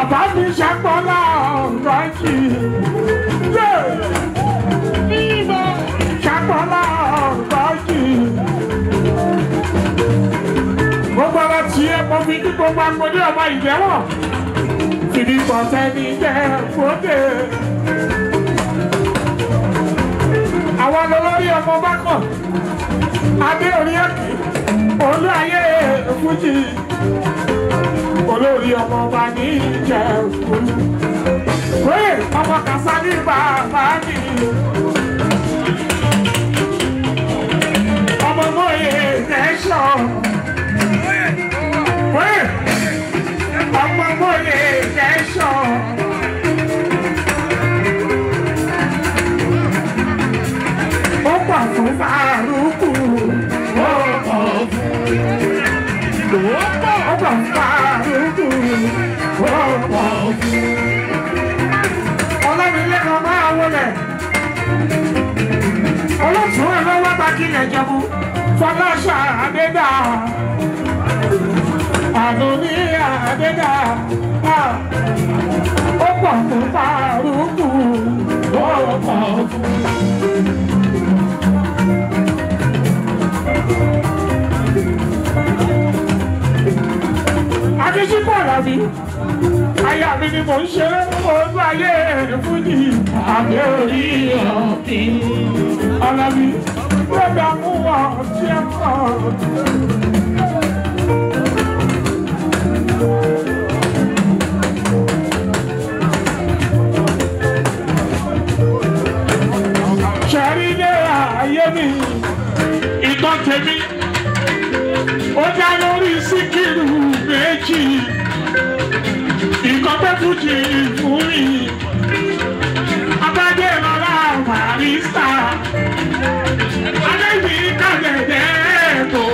bàbá mi ṣàpọ̀lá ọ̀rọ̀ yìí. Bíbọ̀ ṣàpọ̀lá ọ̀rọ̀ yìí. Gbogbo ọ̀rọ̀ tí ẹ mọ fi kí gbogbo agbódé ọmọ ìjẹ́wọ̀. Fìdí pọ̀tẹ́ ní jẹ́ fòdè. Àwọn olórí ọmọ bá kọ̀. Adé orí Olú ayé Fújì olórí ọmọ ọba ní ìjẹ̀bú. ọmọ kàṣá ní bàbá mi. ọmọ mọ́yè nation. ọmọ mọ́yè nation. fire. lẹ̀ olótùú olówó gbàgílẹ̀ jẹ̀bú fọláṣà àdédà àdóní àdédà ó pọ̀ tó fàrúkú ó pọ̀ tó fàrúkú. mi aya mi ni mo ń ṣeré ojú ayé fújì àbí orí ọ̀kì ọ̀la mi lọ́dọ̀ mú wọn tí ẹ kọ́. fún mi. Abájé bàbá Barrister. Adébí kàgẹ́dẹ́ tó.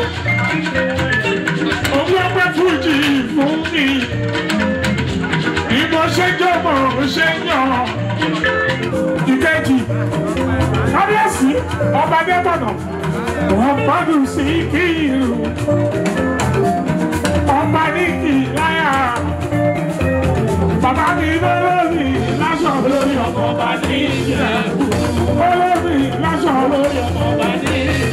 Owó pẹ́ fújì fún mi. Ìmọ̀ ṣe jọ̀mọ̀ ṣe yàn. Ìkejì. Kábíyèsí ọba Adébọ̀nà. Wọ́n gbádùn sí kí ìlú. Ọba ní kìlá. Bàbá mi lọ́lọ́ mi láṣọ lórí ọkọ̀ bá ní ìjẹ̀bù. Lọ́lọ́ mi láṣọ lórí ọkọ̀ bá ní ìjẹ̀bù.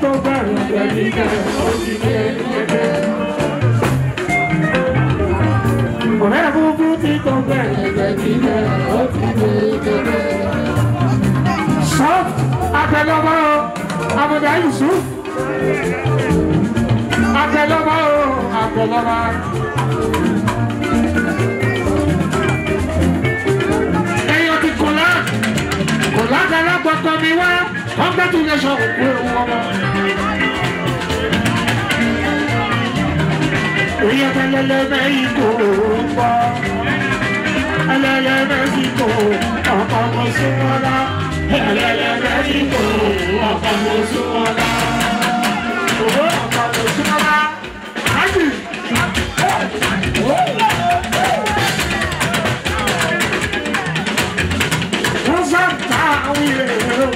tó bẹ̀rù tẹ̀lé kẹ́ ó sì ké kéde. Ọ̀rẹ́ búbú ti kò lá, kò gbọ́tọ̀ mi wá, congratulations òkú ewu ọmọ. ya kaleleme iko pa aleleme iko ọkọ mo sunwọla aleleme iko ọkọ mo sunwọla ọkọ mo sunwọla ayi. What's up, Tommy?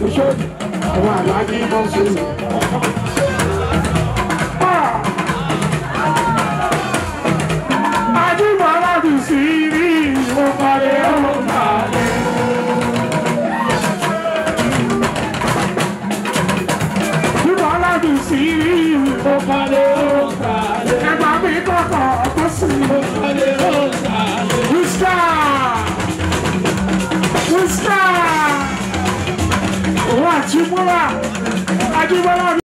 ló ṣọ́ọ̀bù àwọn àlá kí wọ́n ṣe lò. Ajíbọ́lá Ajíbọ́lá.